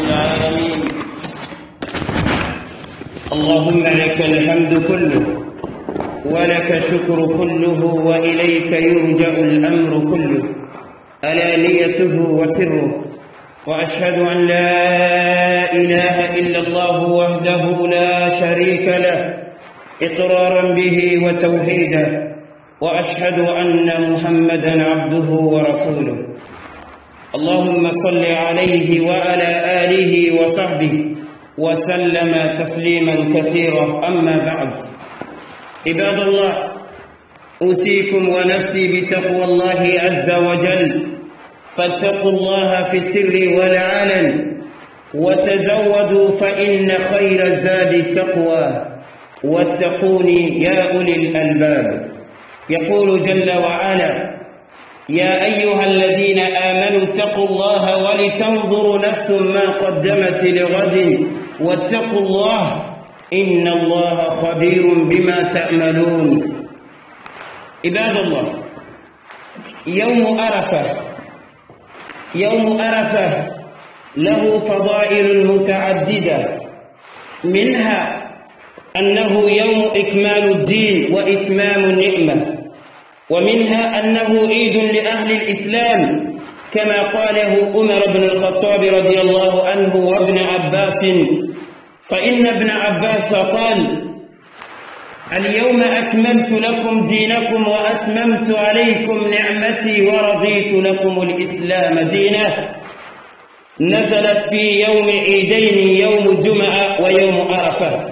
العالمين اللهم لك الحمد كله ولك الشكر كله وإليك يرجع الأمر كله ألانيته وسره وأشهد أن لا إله إلا الله وحده لا شريك له إقرارا به وتوحيدا وأشهد أن محمدا عبده ورسوله اللهم صل عليه وعلى آله وصحبه وسلم تسليما كثيرا أما بعد عباد الله أوصيكم ونفسي بتقوى الله عز وجل فاتقوا الله في السر والعلن وتزودوا فإن خير الزاد التقوى واتقوني يا أولي الألباب يقول جل وعلا يا أيها الذين واتقوا الله ولتنظر نفس ما قدمت لغد واتقوا الله إن الله خبير بما تعملون عباد الله يوم أرفة يوم أرفة له فضائل متعددة منها أنه يوم إكمال الدين وإتمام النعمة ومنها أنه عيد لأهل الإسلام كما قاله عمر بن الخطاب رضي الله عنه وابن عباس فإن ابن عباس قال اليوم أكملت لكم دينكم وأتممت عليكم نعمتي ورضيت لكم الإسلام دينا نزلت في يوم عيدين يوم جمعة ويوم عرفة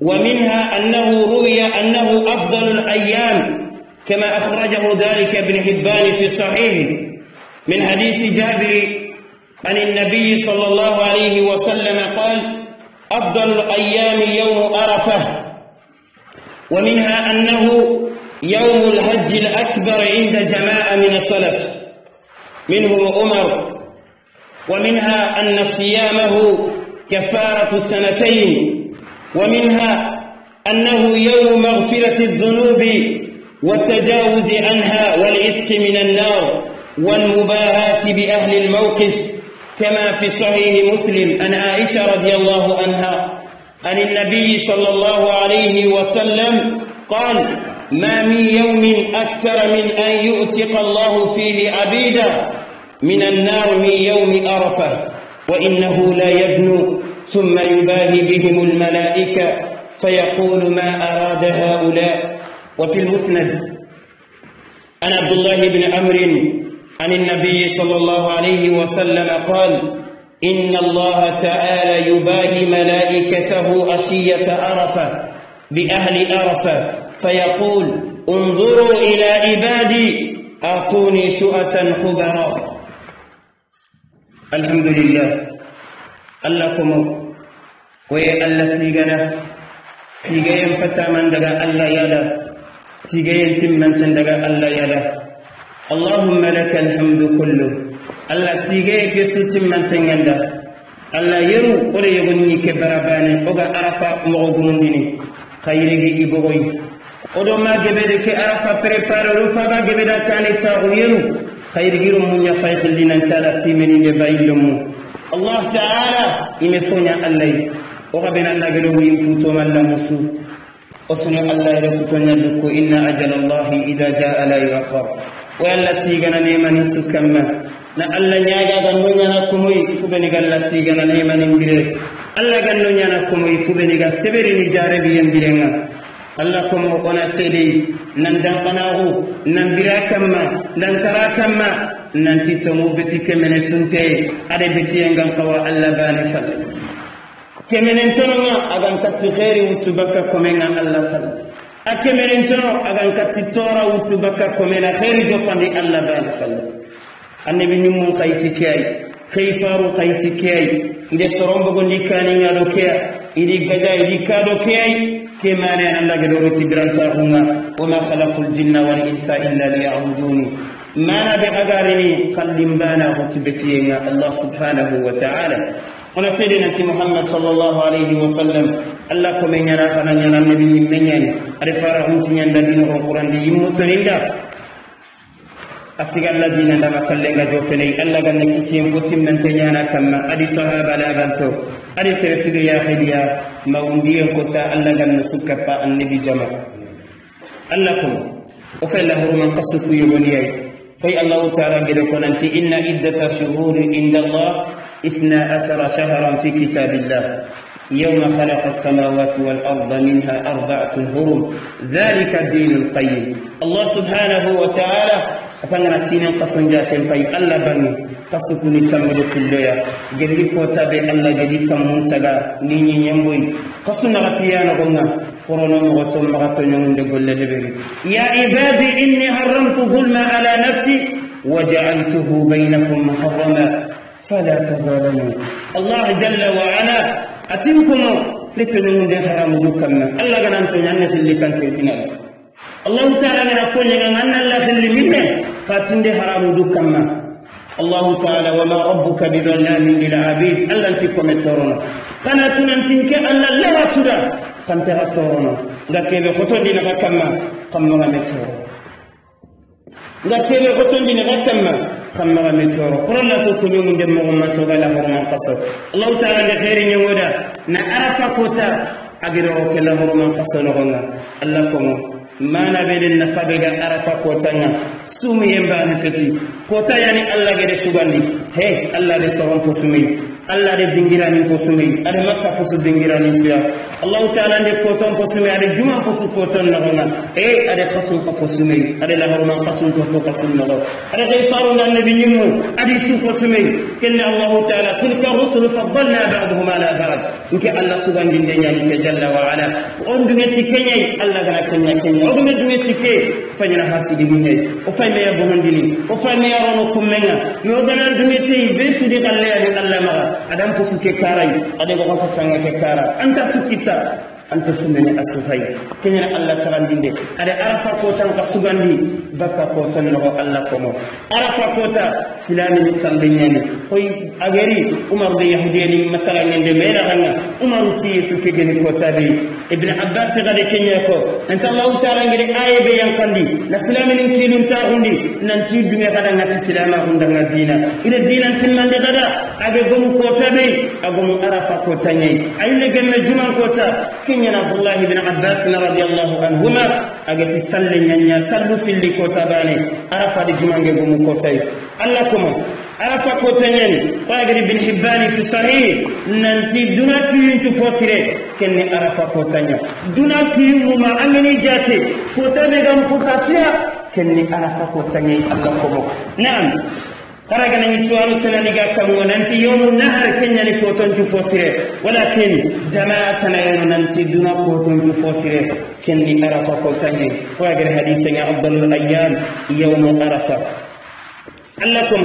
ومنها أنه روي أنه أفضل الأيام كما أخرجه ذلك ابن حبان في صحيحه من حديث جابر عن النبي صلى الله عليه وسلم قال أفضل الأيام يوم أرفة ومنها أنه يوم الحج الأكبر عند جماعة من السلف منهم عمر ومنها أن صيامه كفارة السنتين ومنها أنه يوم مغفرة الذنوب والتجاوز عنها والعتق من النار والمباهاة بأهل الموقف كما في صحيح مسلم عن عائشة رضي الله عنها عن النبي صلى الله عليه وسلم قال ما من يوم أكثر من أن يؤتق الله فيه عبيدا من النار من يوم أرفة وإنه لا يدنو ثم يباهي بهم الملائكة فيقول ما أراد هؤلاء وفي المسند عن عبد الله بن عمرو عن النبي صلى الله عليه وسلم قال إن الله تعالى يباهي ملائكته عشية عرفة بأهل عرفة فيقول انظروا إلى عبادي أعطوني شؤسا خبرا الحمد لله اللهم وي التي جنى تيغيم فتى من دغا الله يلا Tiikaya timbanta daga allah yadda. Allahu maalaq alhamdu lho. Allah tiigee kirsi timbanta nyaada. Allah yeru o la yabani kebarabaana o ga arafa waqoogumani. Khayelikii ibogoyi Ola maa gebede kee arafa perepaadha lufa gaa gebede taa'ani taa'u yeru. Khayelikiru mu nyafaayiqali na taalaa timbanii dee baay' lamu. Allahu ta'aara inna fooni allayhi. Oga bena nagalu waliin tuutoo ma lamuusu. وصنوا الله ربطان يدكو إن أجل الله إذا جاء لا يؤخر ويلا تيغن نيمن سكما نا الله نياغا غنو نانا كموي فبنغا لتيغن نيمن انجرير الله غنو نانا كموي فبنغا سبري نجاري بيان بيرنغا الله كمو قنا سيدي نندن قناه نندرا كما نندرا كما نانتي تمو بتيك من سنتي أدي بتيان غنقوا الله باني فالي kemenen tonoŋa agan kati heri wutu bakka komeŋa alla fani a kemenen tono agan kati tora wutu bakka komena heri jofani alla bala fani annabi ñummun kayiti keyayi heisaru kayiti keyayi ide sorombogondi kaniŋado keya idi gaja idi kado keyayi ke mane an alla gedoroti birantahuŋa wama halaku ljinna walinsa illa liyabuduni mana be kagarini kallimbana hotibetiyeŋa allah subhanahu wa taala ona seedena ti muhammad sallallahu alayhi wa sallam alla kome ñana fana ñana nabi min me ñani ada fara hunti ñanda di noxon qurandi yimmu sarinda a siga alla dinandama kallenga jo feney alla ganna kisiyen fo timnante ñana kamma adi sahaba labanto adi sere sudu yaxidiya mawundiyen kota alla ganna sukkappa annabi jama alla kome o fe lahuruman qassuku yogoniyay koy allahu taala gede konanti inna iddata shuhuri inda allah إثنى أثر شهرا في كتاب الله يوم خلق السماوات والأرض منها أربعة هرم ذلك الدين القيم الله سبحانه وتعالى أتنغنا سينين قصن جاتي القيم ألا بني قصكم التمر في اللوية جريك وتابي ألا جريك منتقى نيني ينبوي قصنا غتيانا قلنا يا عبادي إني حرمت ظلم على نفسي وجعلته بينكم محرما فلا تظالموا الله جل وعلا أتنكم لتنمون حرام لكم الله كان أنتم يعني في اللي كان تلقنا الله تعالى كان أفون أن الله في اللي منه فاتن حرام لكم الله تعالى وما ربك بظلام للعبيد الله أنت كمترون كان تنتنك الله لا سدى كان تغترون ذاك بخطن دينك كما كما مترون ذاك بخطن دينك كما kamara mi tsoro kurala to kunyo mun dem mo man so gala ho man allah ta'ala de khairi da na arafa ko ta agiro ko kala ho man allah ko mana be den arafa ko ta nya sumi yemba ni feti ko ta yani allah ge de he allah de so sumi allah de dingira ni sumi ade makka fo so dingira الله تعالى نكوتون قسمي على الجمعة قسم كوتون نغما أي على قسم قسمي على لغرما قسم قسم قسم نغما على غفار النبي نمو على سوف قسمي كن الله تعالى تلك الرسل فضلنا بعضهم على بعض وك الله سبحانه الدنيا لك جل وعلا وأن دنيا تكيني الله غنا كنيا كنيا وأن دنيا تكي فنينا حاسد بنيا وفاين يا بومن بني وفاين يا رانو كمنا يودنا دنيا تي بس دي قلة يا دي قلة مغا أدم قسم كي كاراي أدم أنت سكت that أنت تكون أسوفاي كنير الله تغندين دي أري أرفا كوتا مقصوغان دي بكا كوتا نغو الله كومو أرفا كوتا سلامي نسان بنياني خوي أغيري عمر دي يهودياني مثلا نندي ميرا غنى عمر تيتو كيجيني كوتا بي ابن عباس غادي كنياكو أنت الله تعالى نغيري آي بيان قان دي نسلامي ننكينو نتاغن دي ننتي الدنيا غدا نغتي سلاما غندا نغدينا إلى الدين أنت المان دي غدا أغي غم كوتا بي أغم أرفا كوتا ني أي لغم جمع كوتا ngen abdullah ibn abbas radiyallahu anhuma agati salle nyanya sallu filli ko tabani arafa di jumange bu mu ko tay arafa ko tanyen ko bin hibbani fi sahih nanti dunaki yuntu fosire kenni arafa ko tanya dunaki mu ma angeni jate ko tabe gam fusasiya kenni arafa ko tanyen allah فرقنا من توالو تنالي قاكا وننتي يوم نهر كنيا لكوتون جفوسيري ولكن جماعة تنالي ننتي دون كوتون جفوسيري كن لي أرفا كوتاني وأقرأ حديثا يا أفضل الأيام يوم أرفا علكم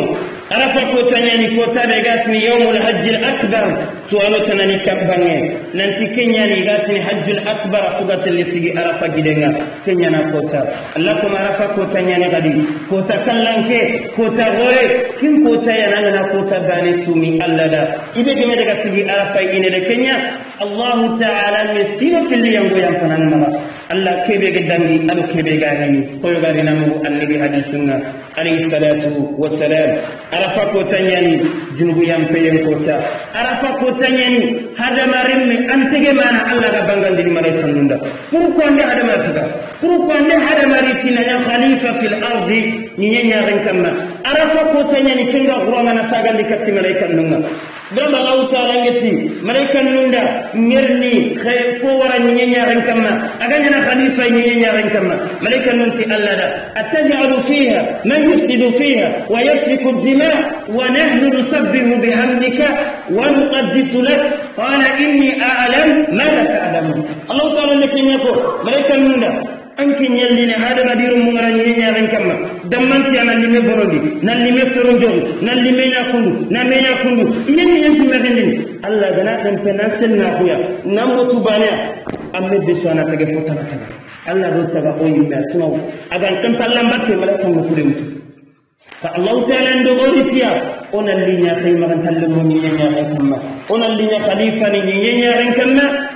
Arafa ala fa kotañani kotade gatini yawmul hajjil akbar tuwalo tanani kabbange nanti keñani gatini hajjul akbar sugatelle sigi arafa gidenga keñana kota alla koma arafa kotañani gadi kota kallanke kota goye kin kota yanangana kota bane sumi alla da ibe geme daga sigi arafa inede keña allahu yaa me yaa filliyango yankananmaga kebe kebege dangi alu kebe ganani koyogarinamugu annabi hadisunga alayhi salatu wassalam arafa kotañani junubu yampeyen kota arafa kotañani hadamarenme antege mana allah ga bangandini malaika nunda ne nde hadama tuga pourquoi nde hadamaritinaya khalifa fil ardi ñiñe ñaren kamma arafa kotañani kenga xurangana sagandi katti malaika nunga برما الله تعالى نجتي نوندا نيرني خي فورا نينيا رنكما أغنينا خليفة نينيا رنكما ملائكة نونتي الله دا أتجعل فيها من يفسد فيها ويسفك الدماء ونحن نسبه بحمدك ونقدس لك قال إني أعلم ما لا تعلمون الله تعالى لك يقول ملائكة نوندا anke ñallini hadamadiru mugana damanti ana kamma dammantiya na lime bonondi na lime feronjoxi na lime ñakundu na me ñakundu iñani ñantimexendini allah gana xempe na selnaxuya na motu baneya amme besu ana tage fo taga taga allah do taga o yimme a simaw agan xempe allambatte mala tanga kurewuti fa allahu taala ndoxoritiya onan li ñaxey maxantallemoñiñe ñaxen kamma onan li ña ni ñiñe ñaxen kamma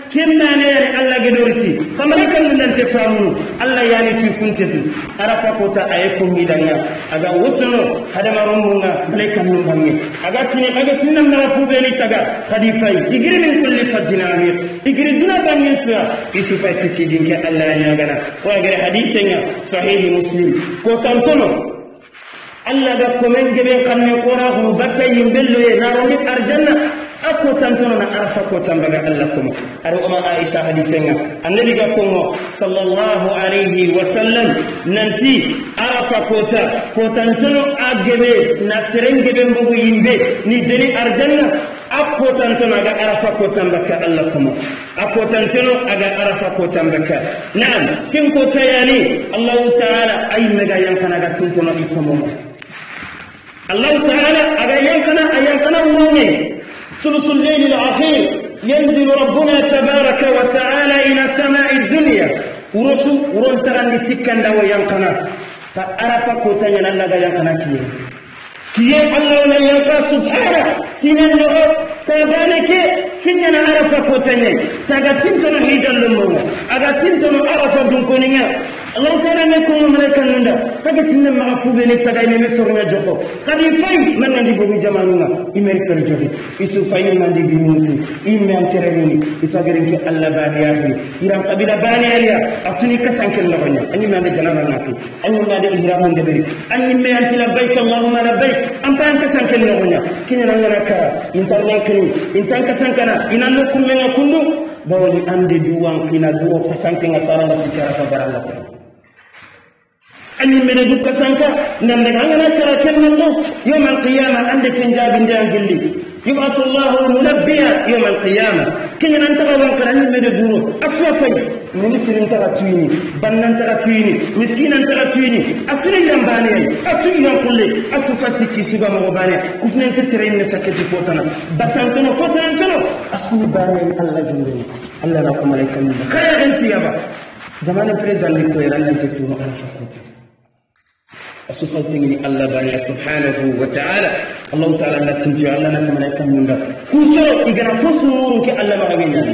gedoriti kamare kan nan te famu Allah ya ni tu kunte tu arafa ko ta ay ko mi danga aga wusno hada maron munga malai kan nan bangi aga tini aga tin nan na fu be ni taga kadi fai igiri min kulli fajjin amir igiri duna bangi sa isu fai sikki dinke Allah ya gana ko agare hadisin sahihi muslim ko tantono Allah ga komen gebe kan ne kora ko batta yimbello ye na rongi arjanna ako tantono na arafa ko tambaga Allah kuma ari umma Aisha hadisenga annabi ga kongo sallallahu alaihi wasallam nanti arafa ko ta ko tantono agebe na serenge be mbugu yimbe ni deni arjanna ako tantono ga arafa ko tambaga Allah kuma ako tantono aga arafa ko tambaga nan kin ko tayani Allah ta'ala ay mega yankana ga tantono ikomo Allah Ta'ala aga yankana ayankana uwane ثلث الليل الأخير ينزل ربنا تبارك وتعالى إلى سماء الدنيا ورسو ورنتغن لسكن دوا ينقنا فأرفا كوتان ينالا ينقنا كيه كيه الله لا ينقى سبحانه سنان لغو تابانك كن ينا أرفا كوتان تاغا تنتنو حيدا للمو أغا أرفا دنكونينا الله تعالى نكون ملكا لنا تكتنا مع فوبين التغيين مفرنا جوخو قد يفاي من عندي بوغي جمالنا إمير سر جوخي يسو فاي من عندي بيومتي إمي أمتريني يفاقرين كي الله باني آخري إرام قبيلة باني آليا أصني كسان كل لغنيا أني ما عندي جنابا ناقي أني ما عندي إهرام من دبري أني ما أنت لبيك اللهم لبيك أم بان كسان كل لغنيا كنا نغنى كرا إنترنا كني إنتان كسان كنا إنا نكون من يكون bawoni ande duwan kina duwo kasanke nga saranga sikara sa baranga ko أني من دوك سانكا نندك أنا كرا يوم القيامة عندك من جاب دان قلي يبعث الله المنبيا يوم القيامة كن أنت غا وانكر أني من دورو أسوفي منسر أنت غا تويني بان أنت غا تويني مسكين أنت غا تويني أسوفي يوم باني أسوفي يوم قلي أسوفا سكي سوغا مغباني كفن أنت سرين نسكتي فوتنا بس أنت ما فوتنا أنت لو أسوفي باني الله جمعني الله راكم عليكم خير أنت يا با زمان بريزان لكويران أنت تيوه أنا شكوتي أسفل الله بني سبحانه وتعالى الله تعالى لا تنتهي الله نتم لا يكمل لنا كسر إذا فصورك الله معين يعني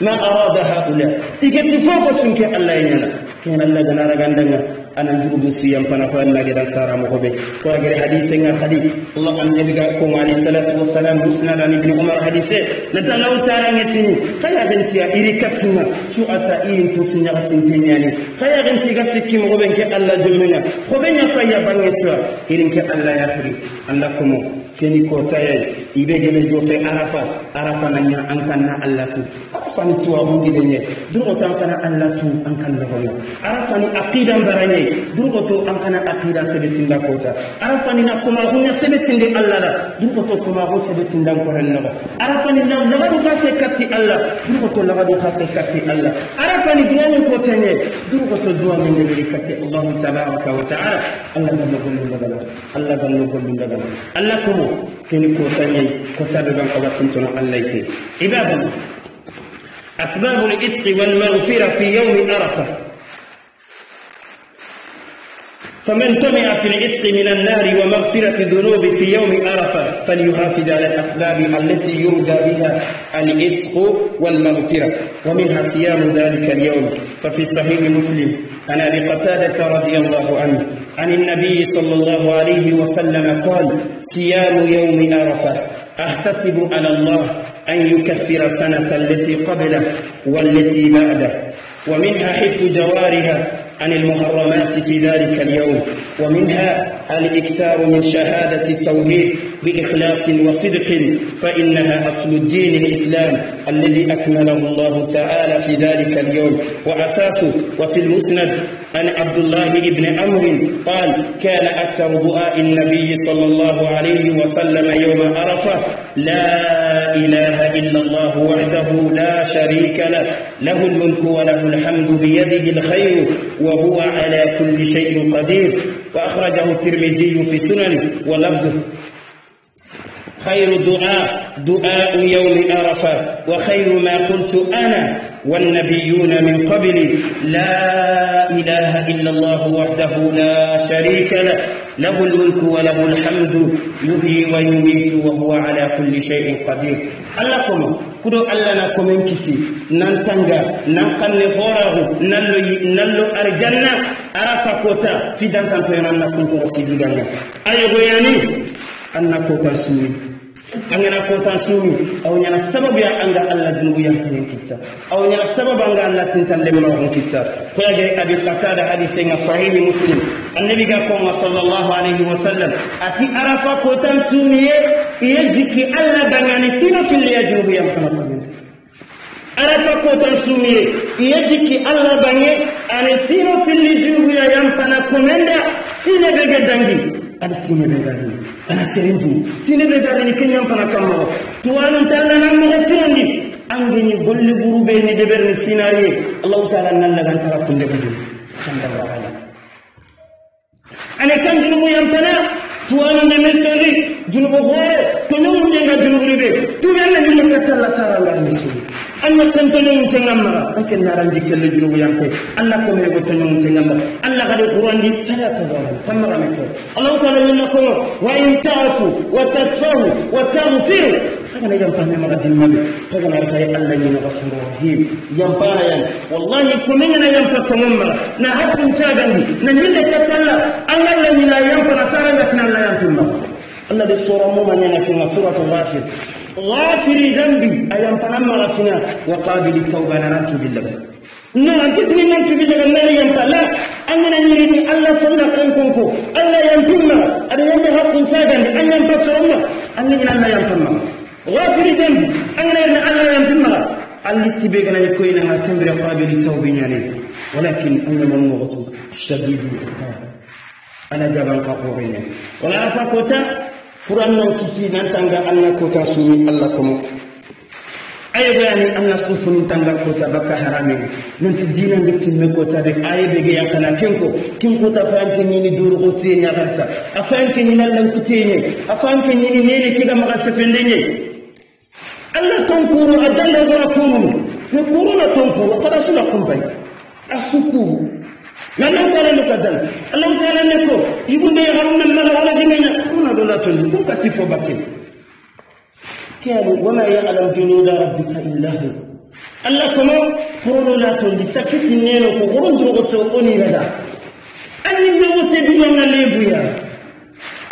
ما أراد هؤلاء إذا تفوفسك الله يعني كان الله جنار عندنا anan jurubu siyam pana ko anna gedan sara mo ko be ko agere hadise ngar hadi allah an nabi ga ko ali salatu wassalam musnad an ibn umar hadise na talaw tara ngeti kaya ganti ya iri katsuma su asa in to sinya asin kenyani kaya ganti ga sikki mo ben ke allah jomina ko ben ya fayya bangi so irin ke allah ya firi allah kuma keni ko tayai ibe gele jote arafa arafa na nya an kanna allah tu arafa ni tuwa mun gibe nye durgo to an kana allah tu an kan na hono arafa ni aqida baranye durgo to an kana aqida sebetin da kota arafa ni na kuma hunya sebetin de allah da durgo to kuma hun sebetin dan koren na arafa ni na na du fase kati allah durgo to na du fase kati allah arafa ni duwa mun kota nye durgo to duwa mun ne kati allah tabaraka wa ta'ala allah da mun gumin daga allah da mun gumin daga allah kuma kini كوتاني kotabe ban ko batin tono عبادة أسباب الإتق والمغفرة في يوم أرفة فمن طمع في العتق من النار ومغفرة الذنوب في يوم أرفة فليحافظ على الأسباب التي يرجى بها العتق والمغفرة ومنها صيام ذلك اليوم ففي صحيح مسلم عن ابي قتاده رضي الله عنه عن النبي صلى الله عليه وسلم قال صيام يوم عرفه احتسب على الله ان يكفر سنه التي قبله والتي بعده ومنها حفظ جوارها عن المحرمات في ذلك اليوم ومنها الاكثار من شهاده التوحيد بإخلاص وصدق فإنها أصل الدين الإسلام الذي أكمله الله تعالى في ذلك اليوم وأساسه وفي المسند عن عبد الله بن عمرو قال كان أكثر دعاء النبي صلى الله عليه وسلم يوم عرفة لا إله إلا الله وحده لا شريك له له الملك وله الحمد بيده الخير وهو على كل شيء قدير وأخرجه الترمذي في سننه ولفظه خير دعاء دعاء يوم عرفة وخير ما قلت أنا والنبيون من قبلي لا إله إلا الله وحده لا شريك له له الملك وله الحمد يحيي ويميت وهو على كل شيء قدير الله كم كدو الله نا كومن كيسي نان تانغا نان كان ارجنا عرفه كوتا في دان تانتو نان كون كو رسي دغانا ايغو يعني ان كوتا سمي angana kota suumi, aw nyana sababu ya anga alla dunbu ya hin kitta aw nyana sababu anga alla tintan le ma hin kitta ko ya gay abi qatada hadith nga sahih muslim annabi ga ko ma sallallahu alaihi wasallam ati arafa kota sumiye ye jiki alla dangani sina silli ya dunbu ya hin arafa kota sumiye ye jiki alla bange ani sino silli dunbu ya yampana komenda sine bege dangi ani sine bege dangi kana seren funu sine be gare ni kenyan fana kan mɔgɔ tuwanu talla na mɔgɔ sinundi an ge ni golli buru be ni deber ni sinari ye allahu taala nan lagan tara kunde budu canda wakala ane kan junubu yan tana tuwanu ne me sori junubu hore to nyumu nyenga junubu be tu yan na ni makatalla sara la ni sori anya kento nyong tengamma lakin naran jikel le julu yang pe alla ko mego to nyong tengamma alla gade qur'an di tala tadara tamma gamete allah ta'ala minna ko wa in ta'fu wa tasfahu wa taghfiru هذا لا ينفعنا ما قد المبي هذا لا يرفع ألا ينغفر رحيم ينفعنا يعني والله يكون مننا ينفع كمما نعرف من شاقني نمين كتلا ألا لا ينفع نصارى لكن ألا ينفع الله الذي صورة موما ينفع سورة الغاسل غافر ذنبي أي أن تنمى غفنا وقابل التوبة أنا نتوب لك نعم كتني نتوب لك النار يمتع لا أننا نريد الله سنة كنكنكو الله يمتمنا أن يمتع حق ساقا أن ينتصر يمتع سرنا أننا الله يمتمنا غافر الذنب أننا الله يمتمنا الاستبيغنا يكوين كمبر قابل التوبة يعني ولكن أنما المغتو شديد العقاب أنا جبل قاقورين ولا أفاكوتا furan nan kisi nan tanga allah kota suni allah komo ayegoyani allah sufunin tanga kota bakka haramini nanti dina gettimme kota de ayebege yakala kenko kin kota afanke ñini duru xotiye ñagar sa afanke ñini allankutiye ñe afanke ñini nene kiga maxa sefende ñe allah tonkuru a dallagora kurunu ne kuruna tonkuru a kada sula kumpay a sukuru ngannam taala mukaddam allah taala ne ko yimɓeɓe harunan mala wala dimena hona ɗo latondi kon kati fo bakken keyalu wama yalam junuda rabbika illa hu allah kono horoɗo latondi sakkiti neno ko horondurogotto onirada annimɓe wose dunanga lebuya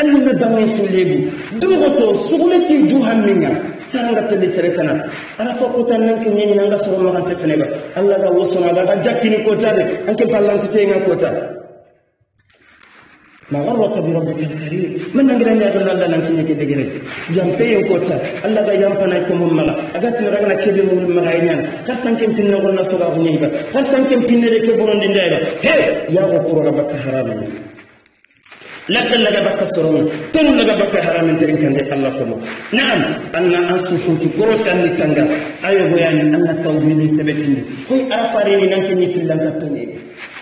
annimɓe bange so lebu durogoto suguneti ju hamminga sanga tali sere kana ala fa kota nan ke nyemi nanga so ma kan se fene ga allah ga woso na ga jakini kota de an ke ballan ku te nga kota ma gharraka bi rabbikal karim man nan gidan ya don allah nan kinye ke degere yam pe yo kota allah ga yam pana ko mun mala aga tin raga na kebe mun maga yan ka san kem tin na gorna so ga hunye ba ka san kem pinne de ke boron din da he ya ko ko rabbaka haramin لكن لغا بكا سرون تن لغا بكا حرام ترين كان الله كما نعم ان انسي كنت كروس ان كانغا ايو يعني ان توبين سبتين كل ارفارين نانكي ني في لانكا توني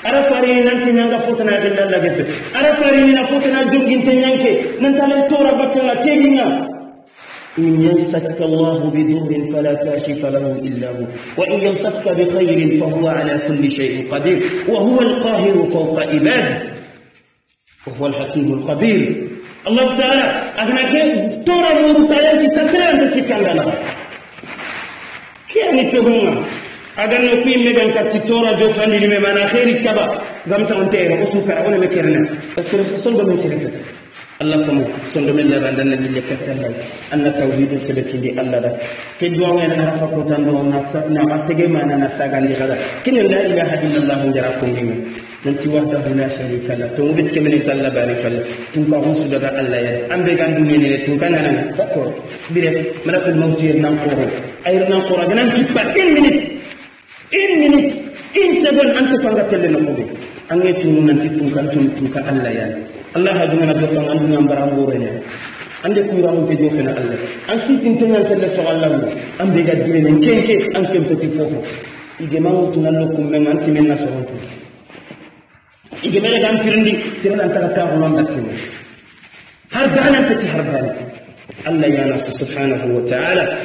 ارفارين نانكي نانغا فوتنا دل الله جس ارفارين نا فوتنا جوجين تنانكي ننتال تورا بك بكا كيغنا إن يمسك الله بضر فلا كاشف له إلا هو وإن يمسك بخير فهو على كل شيء قدير وهو القاهر فوق عباده وهو الحكيم القدير الله تعالى أنا كيف ترى من تعلم تفسير أنت سكان لنا كيف نتهم أجن نقيم مجن كتورا جو فني لما من آخر كبا غمسة أنتير أو سكر أو بس أسترس صلب من سلسة الله كم صلب من الله عندنا اللي لكتنا أن توحيد سلسة اللي الله ده كدوا وين أنا فكوت عندنا نعم تجمعنا نساعن لغدا كن لا إله إلا الله جرّكم منه nanti wahdahu la sharika la to ngobit kemeni talla barika la tun ka hun sudaba alla ya ambe gan du menene tun kan nan d'accord dire malakul maut yer nan qoro ayr nan qoro ganan kifa 1 minute 1 minute 1 second antu kanga telle nan ngobe ange tun nanti tun kan tun tun ka alla ya allah haduna na dofan andu nan bara ngorene ande kuyramu te jofena alla an sitin tenan telle so alla ambe ga dire nen kenke an kempeti fofo igemangu tunallo kummen antimen na sorontu igemele gam tirindi siran an taga ta ulon dattin har bana tati har bana Allah ya nasa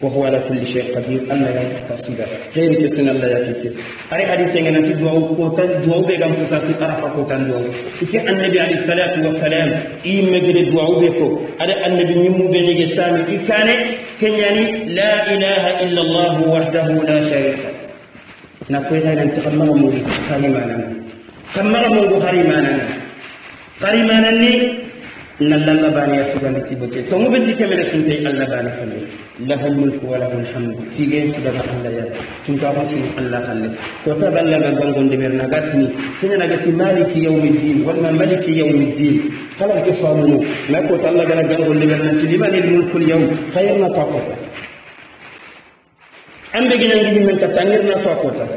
وهو على كل شيء قدير أن لا تصيبه غير كسن الله يا كتير أري حديث أن أنت دعاء كوتان دعاء بيجام تساسي أرفع كوتان دعاء إذا النبي عليه الصلاة والسلام إيه مجد دعاء بيكو أري النبي نمو بيني سامي إيه كان كان يعني لا إله إلا الله وحده لا شريك نقول هذا أنت قد مغمور كان معنا كم رم البخاري مانا قري مانا لي نلا لبان يا سبحان تي بوتي تومو بنتي كم رسول تي الله بان فمي له الملك وله الحمد تيجي سبحان الله يا تون كابسني الله خلي كتب الله ما قال قندي مرنا قاتني كنا نقاتي مالك يوم الدين والما مالك يوم الدين هل كفامو ما كتب الله قال قال قندي مرنا تيجي مال الملك اليوم خيرنا تقوته أنا بيجي نجيب من تتنير نتقوته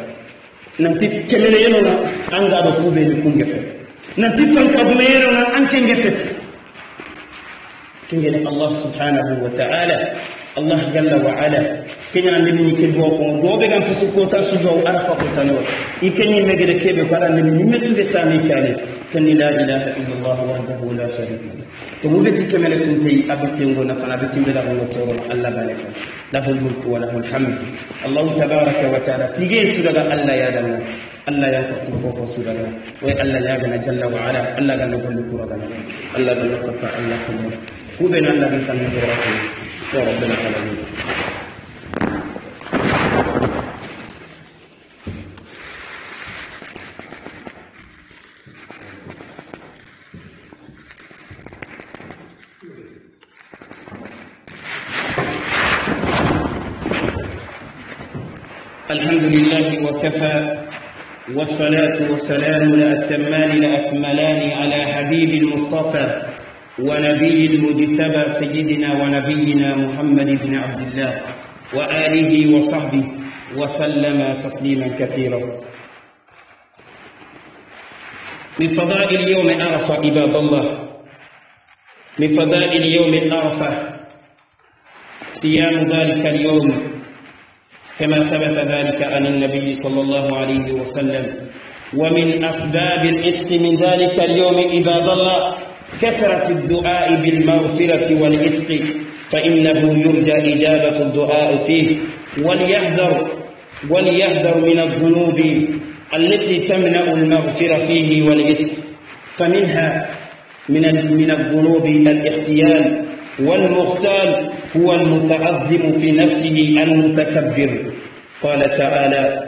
nanti kemene yeno na an ga fu be ni kun gefe nanti san ka dume yeno na an ken gefeti kingene allah subhanahu wa ta'ala allah jalla wa ala kenya nabi ni ke do ko do be gam fusu ko ta su do arafa ko tano ikeni megede kebe ko nabi ni mesu de sami kale كني لا إله إلا الله وحده لا شريك له تبو بتي كمل سنتي أبتي نغنا فنا بتي بلا هو تورم الله بارك له الملك وله الحمد الله تبارك وتعالى تيجي سورة الله يا دمنا الله يا كتب فوف سورة وي الله يا جنا جل وعلا الله جنا كل كورة جنا الله جنا كفا الله كل هو بين الله بين كان يا ربنا العالمين وكفى والصلاة والسلام لأتمان لأكملان على حبيب المصطفى ونبي المجتبى سيدنا ونبينا محمد بن عبد الله وآله وصحبه وسلم تسليما كثيرا من فضائل يوم عرفة عباد الله من فضائل يوم عرفة صيام ذلك اليوم كما ثبت ذلك عن النبي صلى الله عليه وسلم ومن أسباب العتق من ذلك اليوم عباد الله كثرة الدعاء بالمغفرة والعتق فإنه يرجى إجابة الدعاء فيه وليحذر وليحذر من الذنوب التي تمنع المغفرة فيه والعتق فمنها من من الذنوب الاغتيال والمغتال هو المتعظم في نفسه المتكبر قال تعالى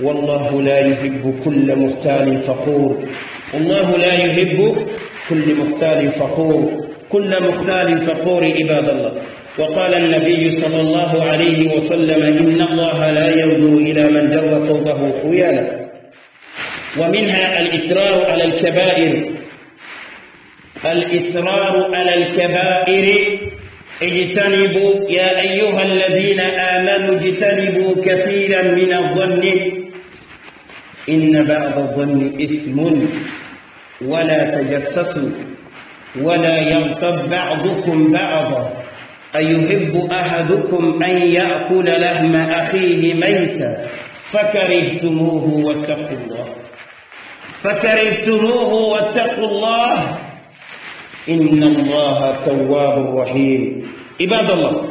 والله لا يحب كل مختال فخور والله لا يحب كل مختال فخور كل مختال فخور عباد الله وقال النبي صلى الله عليه وسلم إن الله لا ينظر إلى من جر فوقه خيالا ومنها الإصرار على الكبائر الإصرار على الكبائر اجتنبوا يا أيها الذين آمنوا اجتنبوا كثيرا من الظن إن بعض الظن إثم ولا تجسسوا ولا يغتب بعضكم بعضا أيحب أحدكم أن يأكل لحم أخيه ميتا فكرهتموه واتقوا الله فكرهتموه واتقوا الله إن الله تواب رحيم عباد الله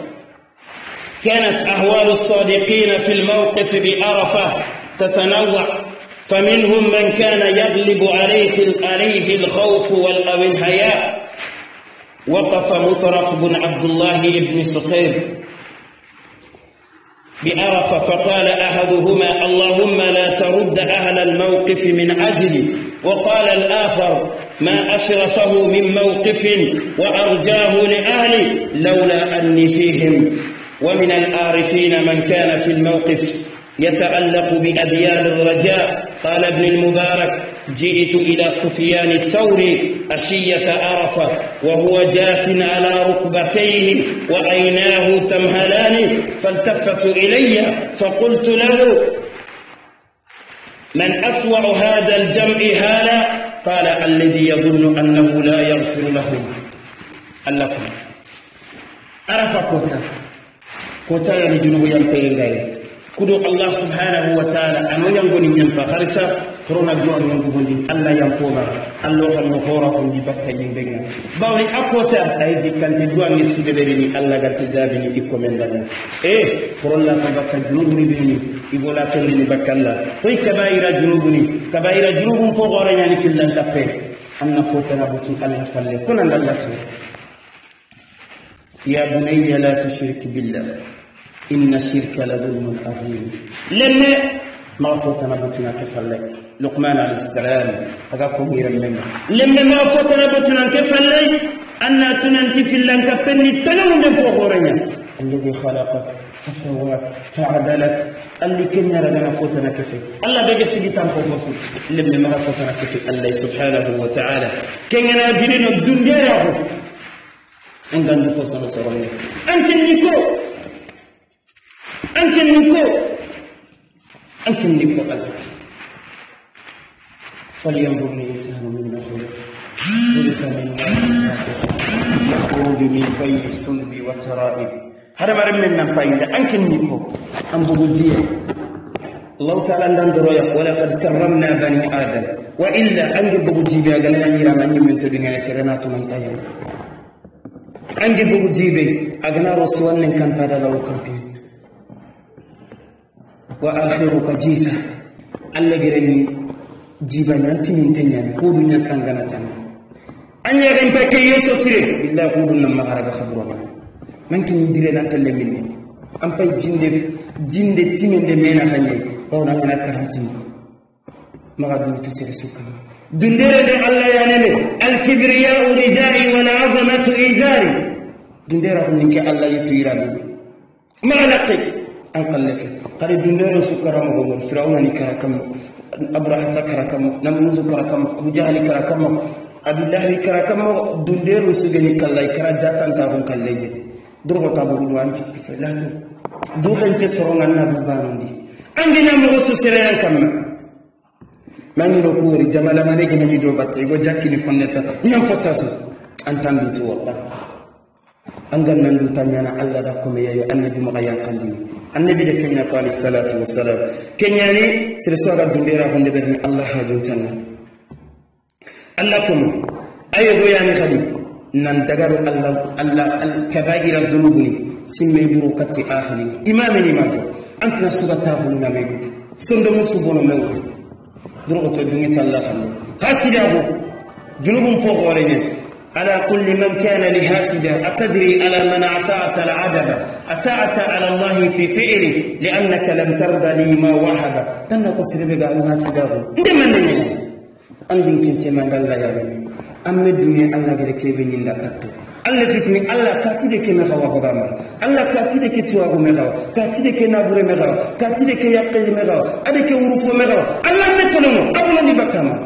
كانت أهوال الصادقين في الموقف بأرفة تتنوع فمنهم من كان يغلب عليه عليه الخوف أو الهياء وقف مطرف بن عبد الله بن صقير بأرفة فقال أحدهما اللهم لا ترد أهل الموقف من أجلي وقال الآخر ما أشرفه من موقف وأرجاه لأهلي لولا أني فيهم ومن الآرفين من كان في الموقف يتعلق بأديان الرجاء قال ابن المبارك جئت إلى سفيان الثوري أشية عرفة وهو جاث على ركبتيه وعيناه تمهلان فالتفت إلي فقلت له من أسوأ هذا الجمع هذا قال الذي يظن انه لا يغفر لهم لكم عرف كوتا كوتا يعني جنوب ينبغي كدو الله سبحانه وتعالى انو ينبغي ينبغي korona duwa ñongu gondi allah yankoɓa allah tan no hoora kondi bakka yimɓe ga bawi akkota ay jikkante duwa mi sibeɓeɓe ni allah gatte jaabini ɗikko men daga e korolla ko bakka junubuni ɓeni igola tellini bakkalla koy kabaira junubuni kabaira junubum fo hooreñani fillan tappe anna fotana boti allah salle konandallatu ya bunayya la tushrik billah inna shirka la dulmun adim lemme maafotana butina kefalle luqman alayhisalam aga ko لما lemne maafotana butina kefalle anna في fillanka penni tagamunden ko horenya الذي خلقك فسواك فعدلك اللي كن يرى لنا فوتنا كسي الله بيجي سيجتان فوق مصر اللي من فوتنا كسي الله سبحانه وتعالى كن يرى جنين الدنيا يا أبو عندنا نفوسنا صغيرة أنت النكو أنت النكو أن تملك قلبك فلينظر الإنسان مما خلق خلق من يخرج من بين السلب والترائب هذا ما رمنا نطيل أنكن نكو أنبوجية الله تعالى نندرو ولقد كرمنا بني آدم وإلا أنت بوجيبي أغنى أن يرى من يمن تغنى سرنات من طيب أنت بوجيبي أغنى رسولنا كان بدل أو كان وآخر كجيفة الله جرني جيبناتي من تنيان قولوا نيا سانغانا تنيان an yagen peke yeso sire billahi hudun nan magaraga haburoma manke min direna talle minne an pay jinde jinde timinde mena kanye bawna ngana karantini maga duti sere sukkama dundere de allah yanene alkibriyau ridai walazamatu izari dundera honninke allah yetu yiraɓeɓe maga laqi an kalle fɛ hari dundayɔrɔ su kara mɔgɔ mɔ firawuna ni kara kama abrahata kara kama namruzu kara kama abujahali kara kama abilahabi kara kama dundayɔrɔ su gani kalla i kara jasan ta kun kalle ɲɛ dɔrɔgɔ ta bugu an ci fɛ lato duhen tɛ sɔrɔ na bu banu di an gina mɔgɔ su sereyan kama mangiro kuwori jama lamane gina mi do batta igo jakkini fonneta ñam fo sasu an tambiti wallahi an gannan duta ñana allah da kome yayo annabi maga yankandini annabi de kenya ko alayhi salatu wassalam kenyani sere soga dundera fonde ɓerni allah hajum tanna allah kono ayo goyani kadi nan dagaro allah allah kabaira dunubu ni simme buro katti ahanima imameni mako an tena suga tafununa mego sondo musu bono mego durogoto dungita allah hande ha sidako junubum po hoore ñen على كل من كان لهاسدا أتدري على من أساءت العدد أساءت على الله في فعله لأنك لم ترد لي ما وحد تنكو سربك أن هاسداه أنت من دنيا أنت كنت من قال يا ربي أما الدنيا الله غير كيبين لا تقي الله فتني الله كاتيدك مغوا بغامر الله كاتيدك تواغ مغوا كاتيدك نابور مغوا كاتيدك يقي مغوا أدك ورفو مغوا الله نتلمو أبنا نبكامر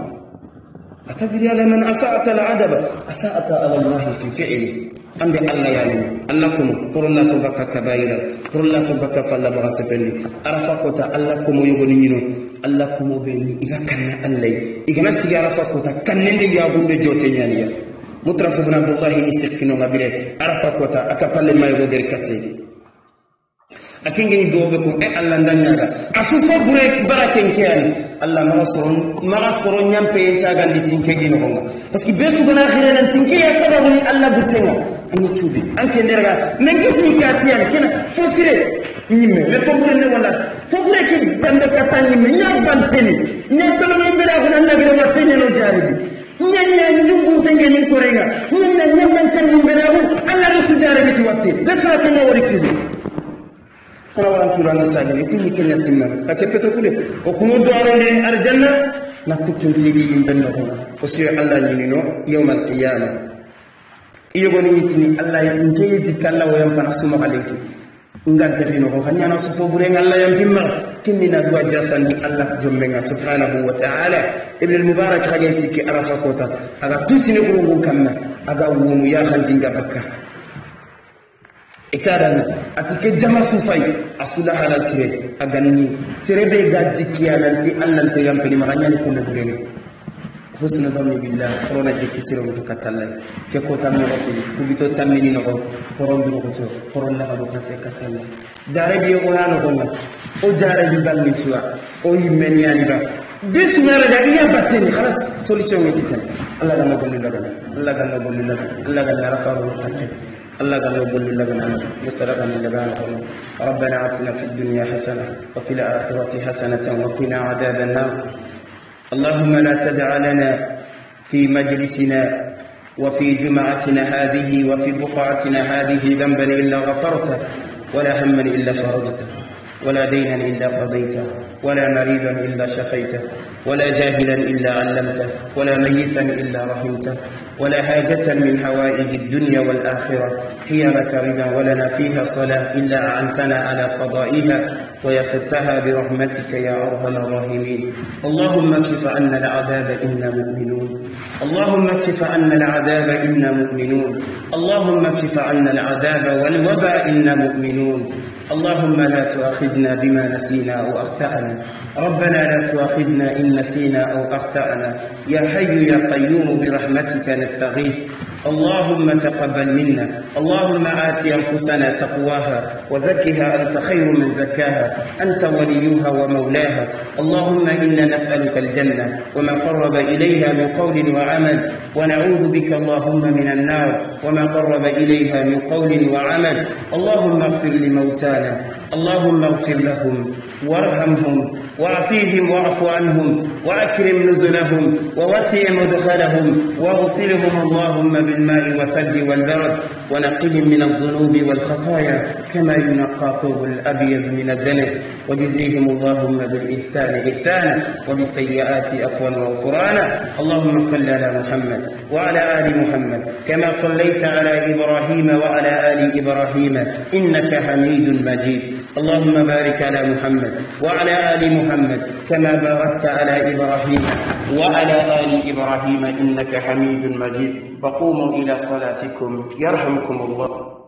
A kabiri yaala nana asa atala addaba asa fi fayyadu. Ani de Allah yaali. Allah kɔnɔ koro laa kɔba ka Koro laa kɔba ka falla baga sɛfɛli. Arafa kootaa Allah kɔmoo yookooni ni ɲinuu. Allah kɔmoo bɛ nii. I ga kanneen aleyhi. arafa kootaa kanneen de yaabu de jotee nyaani yaa. Mu turam sunbaal ni seexinoo nga bira arafa kootaa akka palee mayeegoo dee katee. Ate ngeen dɔgɔko ko ala nda nyaataa. Afe soo buree baara keen keyaani. allah maga soron maga soron ñampeyen cagandi tinkegi nogonga parce que be sugana xirenen tinkeya sababuni allah guttenga aña cuubi anke nderga mais getini katiyani kena fo sire ñimme mais fo ɓure ne walla fo ɓure ke jambe katta ñimme ña banteni ña tolono mbela xona nagirema teñeno jaaribi ñaña njunguntenge ñin korenga ñanna ñannan kanni mbela xu allah ga su jaaribiti watte be sara kenga wori kili kana warankiilo ana saajini ikulu kenya simmana ka keppete kule o kumo doarondini arjanna na kuccontiiɗi yim benno hono o siyo allah ñinino yawma alqiyama iyogoni yittini allah ya ɗum keye jikka allah o yampana sumaka lenki ngantatino ko xan ñana sofo ɓuren allah yampimma kinnina duwa jasandi allah jommenga subhanahu wa taala ibne almubarak xagen sikki arafa kota aga tusini xurungun kamma aga wunu ya xanjinga bakka itadana atike jama sufai asula hala sire aganni sire be ga jikiya nanti allan te yampeni maganya ni kunna burene husnu dhanni billah korona jikki sire wutu katalla ke ko tammi ko kubito tammini no ko koron duro ko to koron na ko fase katalla jare biyo ko hano ko na o jare bi balmi suwa o yimmen yani ba bismillah da iya batteni khalas solution ni kitan allah ganna golli lagana allah ganna golli lagana allah ganna rafaru takke الله كان يقول لنا وسرقنا لبانهم ربنا اتنا في الدنيا حسنه وفي الاخره حسنه وقنا عذاب النار اللهم لا تدع لنا في مجلسنا وفي جمعتنا هذه وفي بقعتنا هذه ذنبا الا غفرته ولا هما الا فرجته ولا دينا الا قضيته ولا مريضا الا شفيته ولا جاهلا الا علمته ولا ميتا الا رحمته ولا حاجة من حوائج الدنيا والآخرة هي لك رضا ولنا فيها صلاة إلا أعنتنا على قضائها ويفتها برحمتك يا أرحم الراحمين اللهم اكشف عنا العذاب إنا مؤمنون اللهم اكشف عنا العذاب إنا مؤمنون اللهم اكشف عنا العذاب والوباء إنا مؤمنون اللهم لا تؤاخذنا بما نسينا أو أخطأنا ربنا لا تؤاخذنا إن نسينا أو أخطأنا يا حي يا قيوم برحمتك نستغيث اللهم تقبل منا اللهم آت أنفسنا تقواها وزكها أنت خير من زكاها أنت وليها ومولاها اللهم إنا نسألك الجنة وما قرب إليها من قول وعمل ونعوذ بك اللهم من النار وما قرب إليها من قول وعمل اللهم اغفر لموتانا اللهم اغفر لهم وارحمهم واعفيهم واعف عنهم واكرم نزلهم ووسع مدخلهم واغسلهم اللهم بالماء والثلج والبرد ونقهم من الذنوب والخطايا كما ينقى ثوب الابيض من الدنس وجزيهم اللهم بالاحسان احسانا وبالسيئات عفوا وغفرانا اللهم صل على محمد وعلى ال محمد كما صليت على ابراهيم وعلى ال ابراهيم انك حميد مجيد اللهم بارك على محمد وعلى ال محمد كما باركت على ابراهيم وعلى ال ابراهيم انك حميد مجيد وقوموا الى صلاتكم يرحمكم الله